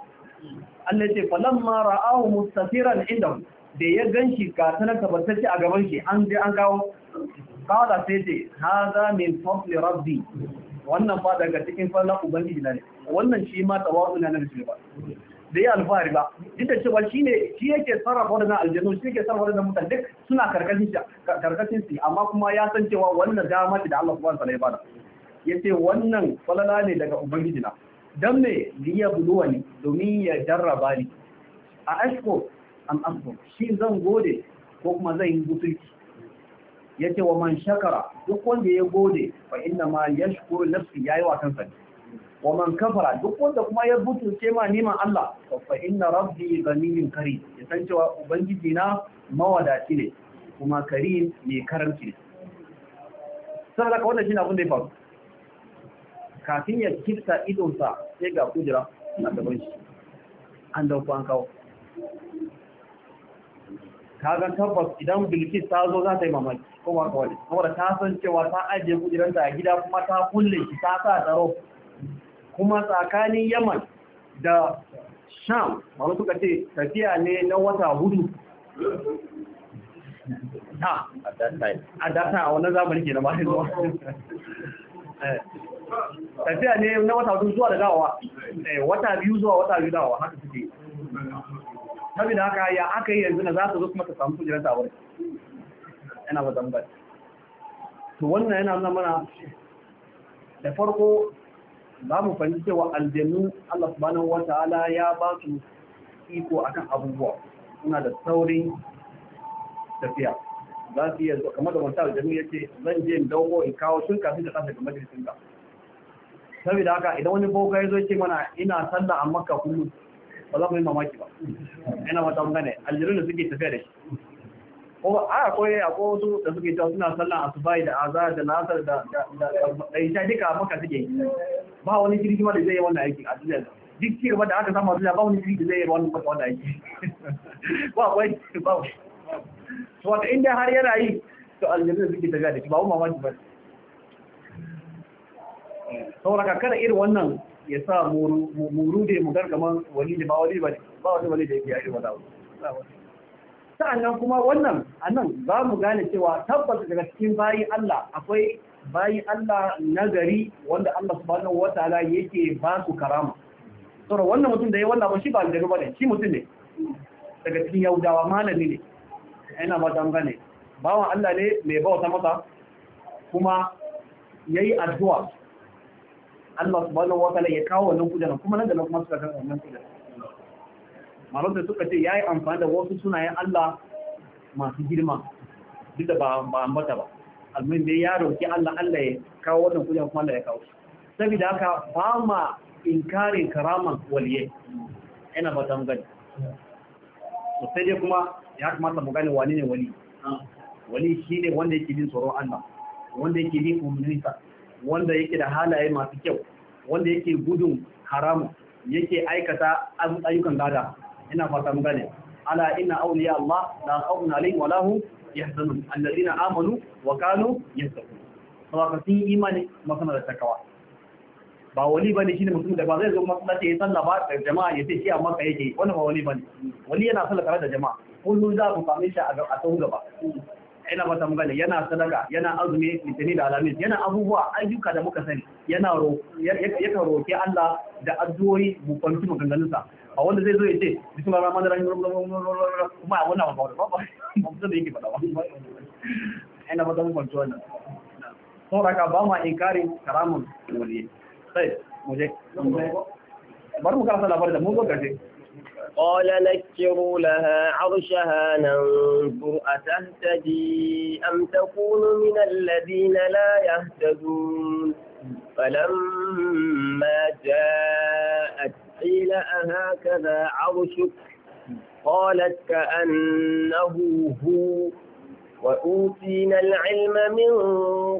Allah ce ma ra'ahu mustafiran inda da ya ganshi ka tanan tabbatacce a gaban shi an je an kawo qala sai ce hadha min fadli rabbi wannan ba daga cikin fadlan ubangiji na ne wannan shi ma tawadu na nan ba da ya alfahari ba duk da cewa shi ne shi yake sarrafa wadannan aljanu shi yake sarrafa wadannan mutane duk suna karkashin karkashin su amma kuma ya san cewa wannan dama ce da Allah subhanahu wa da. ya bada yace wannan falala ne daga ubangiji na dan me liya buluwani domin ya jarraba ni a ashko am asbur shi zan gode ko kuma zan yi Ya yace wa man shakara duk wanda ya gode fa inna ma yashkuru nafsi yayi wa kansa ne wa man kafara duk wanda kuma ya butulce ma niman Allah fa inna rabbi ghaniyyun karim ya san cewa ubangiji na mawadaci ne kuma karim mai karanci ne sai da wannan shine abin da ya faru kafin ya kifta sa sai ga kujira na gaban shi an dauko an kawo kaga tabbas idan bilkis ta zo za ta yi mamaki kuma kawai saboda ta san cewa ta ajiye kujeranta a gida kuma ta kulle shi ta sa tsaro kuma tsakanin yaman da sham mamu suka ce tafiya ne na wata hudu a data a wani zamani ke na mahi zuwa eh, tafiya ne na wata hudu zuwa da dawa eh, wata biyu zuwa wata biyu dawa haka suke da haka ya aka yi yanzu na za ta zo kuma ta samu kujerar ta wurin yana ba zambar to wannan yana nuna mana da farko za mu fahimci cewa aljannu Allah subhanahu wata'ala ya ba su iko akan abubuwa suna da saurin tafiya za su iya zo kamar da wata aljannu ya ce zan je in in kawo sun kafin da kasa ga majalisun ka saboda haka idan wani boga ya zo ce mana ina sallah a makka kullum ba za mu yi mamaki ba ina mata mun gane aljannu da suke tafiya da shi kuma a akwai akwai wasu da suke cewa suna sallan asubai da azhar da nasar da da isha duka maka suke ba wani jirgi ma da zai yi wannan aiki a duniya duk ci gaba da aka samu duniya ba wani jirgi da zai yi wannan wannan aiki ba akwai ba to wata inda har yana yi to aljanna suke tafiya da shi ba umma mamaki ba saboda kada irin wannan ya sa mu rude mu gargaman wani da ba wani ba wani wani da yake yi wa dawo sa'annan kuma wannan anan za mu gane cewa tabbata daga cikin bayi Allah akwai bayi Allah nagari wanda Allah subhanahu wataala yake ba su karama saboda wannan mutum da ya wannan ba shi ba aljanu ne, shi mutum ne daga cikin yaudawa malami ne ina ba dan gane bawan Allah ne mai bauta masa kuma yi addu'a Allah subhanahu wataala ya kawo wannan kudana kuma nan da nan kuma suka kan wannan kujana da suka ce ya yi amfani da wasu sunayen Allah masu girma duk da ba bata ba almin da ya roƙi Allah Allah ya kawo wannan kudi kuma Allah ya kawo saboda haka ba ma inkarin karaman waliyai Yana ba ta mu gani sai dai kuma ya kamata mu gane wani ne wali wali shine wanda yake bin tsoron Allah wanda yake bin umarninsa wanda yake da halaye masu kyau wanda yake gudun haramu yake aikata ayyukan gada ina fata mun gane ina inna awliya Allah da khawfun alaihim wa lahum yahzanun alladhina amanu wa kanu yattaqun saboda sun yi imani masana da takawa ba wali bane shine mutum da ba zai zo masallaci ya sallah ba da jama'a ya ce shi amma kai yake wannan ba wali bane wali yana sallah tare da jama'a kullun za ku fahimci shi a tsawon gaba ina mata magana yana sadaka yana azumi litini da alamin yana abubuwa ayyuka da muka sani yana yakan roƙi Allah da addu'o'i mu kwanci maganganunsa قال نكروا لها عرشها ننظر أتهتدي أم تكون من الذين لا يهتدون فلما جاءت قيل أهكذا عرشك قالت كأنه هو وأوتينا العلم من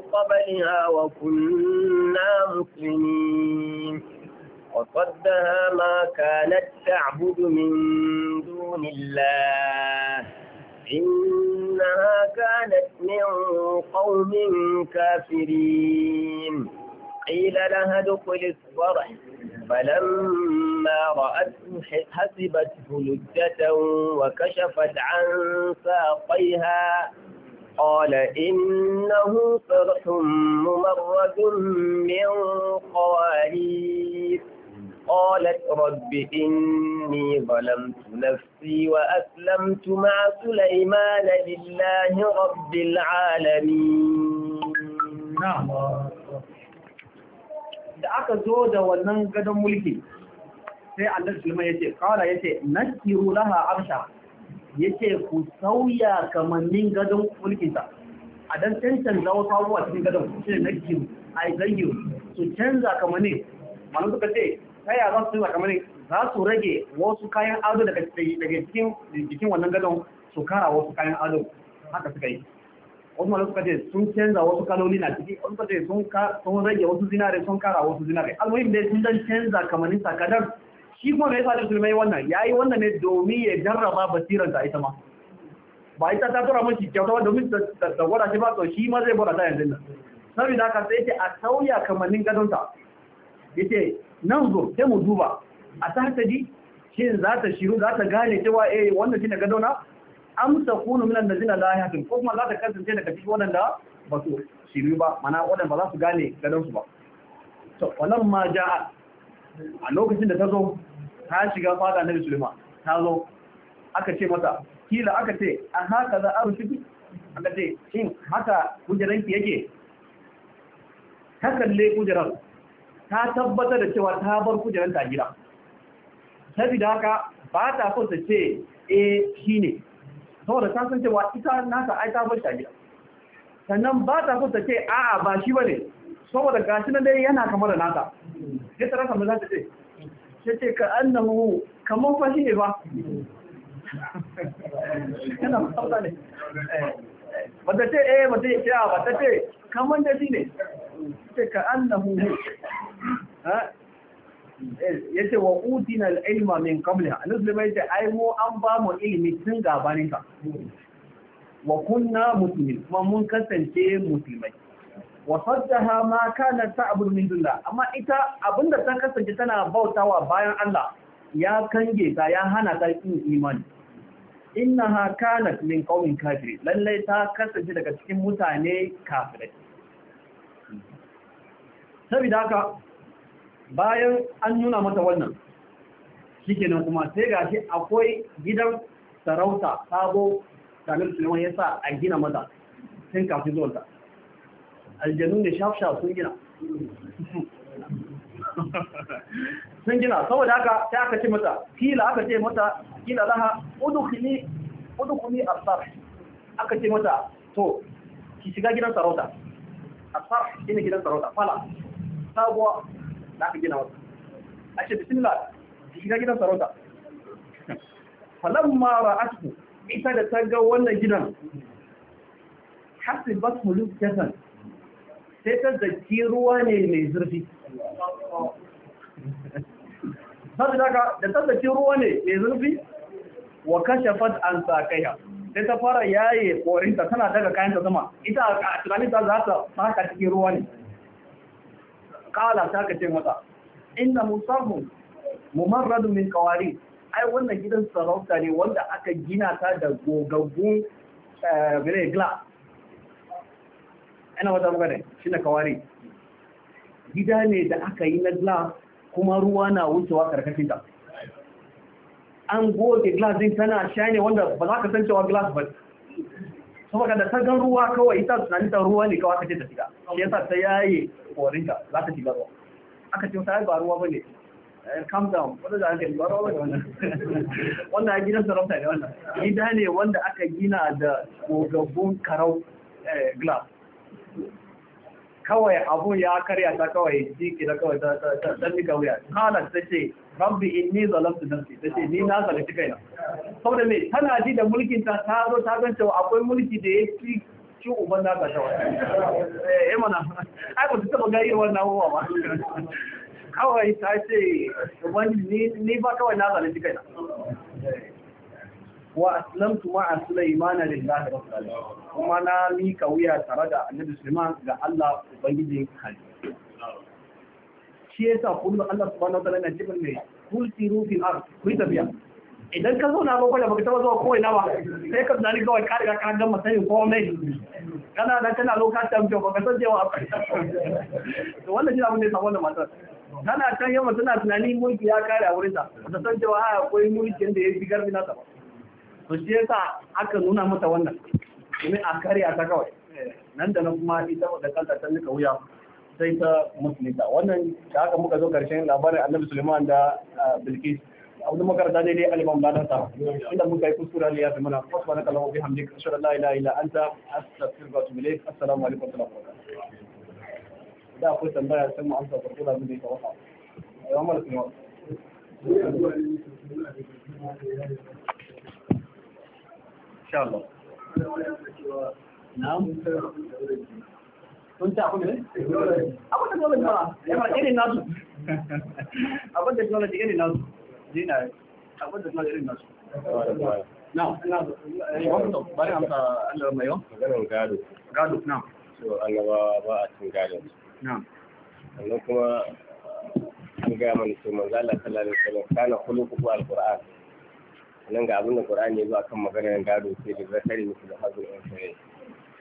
قبلها وكنا مسلمين وصدها ما كانت تعبد من دون الله إنها كانت من قوم كافرين وقيل لها دخل الصرح فلما رأته حسبته لجة وكشفت عن ساقيها قال إنه صرح ممرد من قوارير قالت رب إني ظلمت نفسي وأسلمت مع سليمان لله رب العالمين نعم da aka zo da wannan gadon mulki sai Allah Sulaiman yace kala yace nasiru laha arsha yace ku sauya kamannin gadon mulkin ta a dan cancanza wasu abubuwa cikin gadon shi ne nakiru ai zangiru su canza kamannin malam suka ce sai ya za su canza kamannin za su rage wasu kayan ado daga cikin jikin wannan gadon su kara wasu kayan ado haka suka yi wasu malu suka ce sun canza wasu kaloli na ciki wasu suka ce sun rage wasu zinare sun kara wasu zinare almuhim dai sun dan canza kamannin sakadar shi kuma mai yasa musulmai wannan ya yi wannan ne domin ya jarraba basiran ta ita ma ba ita ta tura mashi kyauta ba domin da gwada shi ba to shi ma zai gwada ta yanzu nan saboda haka sai ce a sauya kamannin gadonta yace nan zo sai mu duba a ta ji shin za ta shiru za ta gane cewa eh wannan shine gadona am takunu minan zina la yahtadun ko kuma za ta kasance daga cikin wadanda ba su shiru ba mana wadanda ba za su gane gadan su ba to wannan ma ja'a a lokacin da ta zo ta shiga fada na Sulaiman ta zo aka ce mata kila aka ce a haka za a rufi aka ce shin haka kujeranki yake ta kalle kujerar ta tabbatar da cewa ta bar kujerar ta gida sabida haka ba ta kusa ta ce eh shine saboda ta san cewa ita nasa ai ta bar gida sannan ba ta so ta ce a'a ba shi bane saboda gashi nan dai yana kamar da nasa, sai ta rasa za ta ce sai ce ka annahu kamar fa shi ne ba yana fata ne ba ta ce eh ba ta ce ba ta ce kamar da shi ne sai ka annahu ha yace wa utina al’ilma min qabliha annabi ai an ba mu ilimi tun gabanin ka wa kunna muslimin kuma mun kasance musulmai wa saddaha ma kana ta'budu min amma ita abinda ta kasance tana bautawa bayan Allah ya kange ta ya hana ta yin imani ha kana min qaumin kafiri lalle ta kasance daga cikin mutane kafirai Sabida haka bayan an nuna mata wannan shikenan kuma sai gashi akwai gidan sarauta sabo Samir wani ya sa a gina mata sun kafin zuwanta aljanu da shafsha sun gina sun gina saboda haka ta aka ce mata kila aka ce mata kila laha udukuli a tsar aka ce mata to ki shiga gidan sarauta a asar shine gidan sarauta fala sabuwa da aka gina masa a ce bismillah ki shiga gidan sarauta falamma ra'atuhu ita da ta ga wannan gidan hasibat hulub kasan sai ta zaki ruwa ne mai zurfi saboda haka da ta zaki ruwa ne mai zurfi wa kashafat an saqaiha sai ta fara yaye korinta tana daga kayan ta sama ita a tunanin ta za ta fara cikin ruwa ne kala ta kace mata inna musahu mumarradu min qawari ai wannan gidan sarauta ne wanda aka gina ta da gogaggun bire eh, gla ana wata magana shi na kawari gida ne da aka yi na gla kuma ruwa na wucewa karkashin ta an goge glass din tana shine wanda ba za ka san cewa glass ba saboda da ta gan ruwa kawai ita tunanin ta ruwa ne kawai kace ta shiga shi yasa ta yaye korinta za gida ne wanda aka gina da karau eh, kawai abun ya karya ta kawai jiki da kawai ta tsannika wuya kala ta ce rabbi in ni zalamtu nafsi ta ce ni na zalunci kaina saboda me tana ji da mulkin ta ta zo ta gancewa akwai mulki da ya ci ciwo uban da aka eh, eh, mana ai ba taba gari wannan uwa ba kawai ta ce ni ba kawai na zalunci kaina wa aslamtu ma'a Sulaimana lillahi rabbil alamin kuma na mika wuya tare da Annabi Suleiman ga Allah ubangijin halittu shi yasa kullum Allah subhanahu wa ta'ala yana jibin ne rufi al kuyi tafiya idan ka zauna ba kwada baka taba zuwa ko ina ba sai ka tunani kawai ka riga ka gama sanin komai kana da kana lokaci ta mutum baka san cewa akwai to wannan shi abin da ya samu wannan matar kana kan yamma tana tunani mulki ya kare a wurinta ba san cewa a ah, akwai mulkin da ya fi garbi nasa. ba to shi yasa aka nuna mata wannan domin a a ta kawai nan da nan kuma ita da kanta ta nika wuya sai ta musulunta wannan da aka muka zo karshen labarin annabi suleiman da ah, bilkis abin makaranta daidai aliman ba sa inda muka yi kuskura ne ya zama na wasu wani kalama bi hamdi kashar la ila ila an ta astagfirka tu bilai assalamu alaikum wa da akwai tambaya sai mu amsa farko da zai kawo ka ayyuan malakin wa insha Allah na'am kun ta kuma ne abin da dole ne ba irin nasu abin da dole ne irin nasu da a allah a kuma an gaya mana manzo Allah sallallahu alaihi wasallam kana alquran nan ga abin da qur'ani ya zo akan maganar gado sai da zakari musu da hazin sai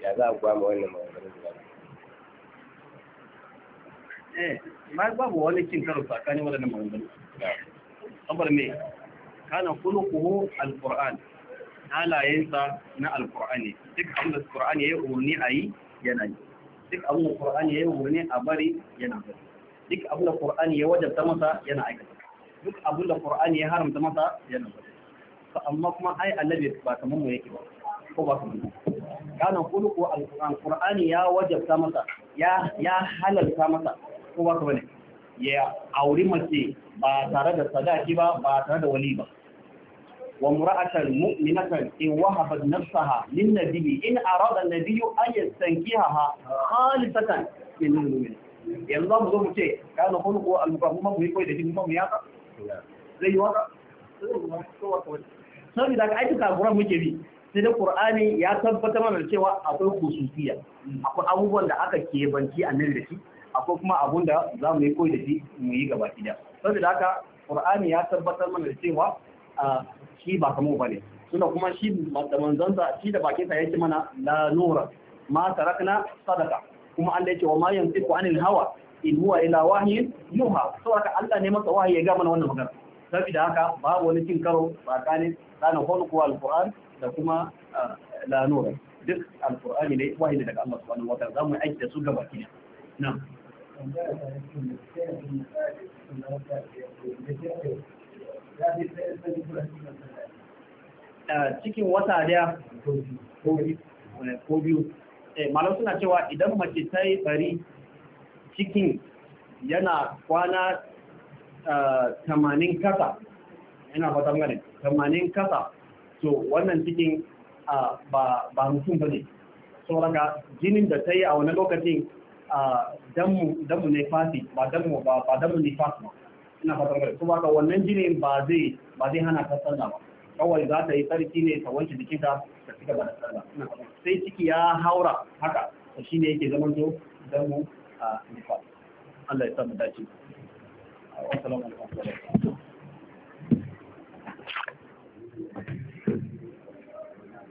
ya za a gwama wannan maganar gado eh ma babu wani cin karo tsakanin waɗannan maganganu kabar mai kana khuluquhu alquran halayensa na ne duk abin da alqur'ani yayi umarni ayi yana yi duk abin da alqur'ani yayi umarni a bari yana bari duk abin da alqur'ani ya wajabta masa yana aikata duk abin da alqur'ani ya haramta masa yana bari fa amma kuma ai annabi ba kaman mu yake ba ko ba kaman kana al alquran qur'ani ya wajabta masa ya ya halalta masa ko ba kaman ne ya auri mace ba tare da sadaki ba ba tare da wali ba wa mura'atan mu'minatan in wahabat nafsaha lin nabiyyi in arada an-nabiyyu an yastankihaha khalisatan lil mumin yanzu mu zo mu ce kana ko al-mukarram mu yi koyi da shi mu ya ka zai yi waka sai da aiki gura muke bi sai da qur'ani ya tabbatar mana cewa akwai khususiyya akwai abubuwan da aka kebanci annabi da shi akwai kuma abun da za mu yi koyi da shi mu yi gaba da saboda haka qur'ani ya tabbatar mana da cewa shi ba kamar bane suna kuma shi da sa shi da bakinsa yake mana la nura ma tarakna sadaka kuma Allah yake wa ma yantiku anil hawa in huwa ila wahyin yuha saboda Allah ne masa wahyi ya ga mana wannan magana saboda haka babu wani cin karo tsakanin sanan hulku alquran da kuma la nura duk alqurani ne ne daga Allah subhanahu wa ta'ala zamu aiki da su gaba kina na'am Eh, cikin wata daya ko biyu eh, malam suna cewa idan mace ta yi bari cikin yana kwana eh, tamanin kasa yana fata gane tamanin kasa to wannan cikin ba mutum ba ne sauraka jinin da ta yi a wani lokacin damu damu ne fasi ba damu ba ba damu ne fasi ba ina fatar kai kuma ka wannan jinin ba zai ba zai hana ta sallah ba kawai za ta yi tsarki ne ta wanke jikin ta cika ba da sallah sai ciki ya haura haka to shine yake zaman to damu a ah, nifa Allah ya sa mu dace assalamu alaikum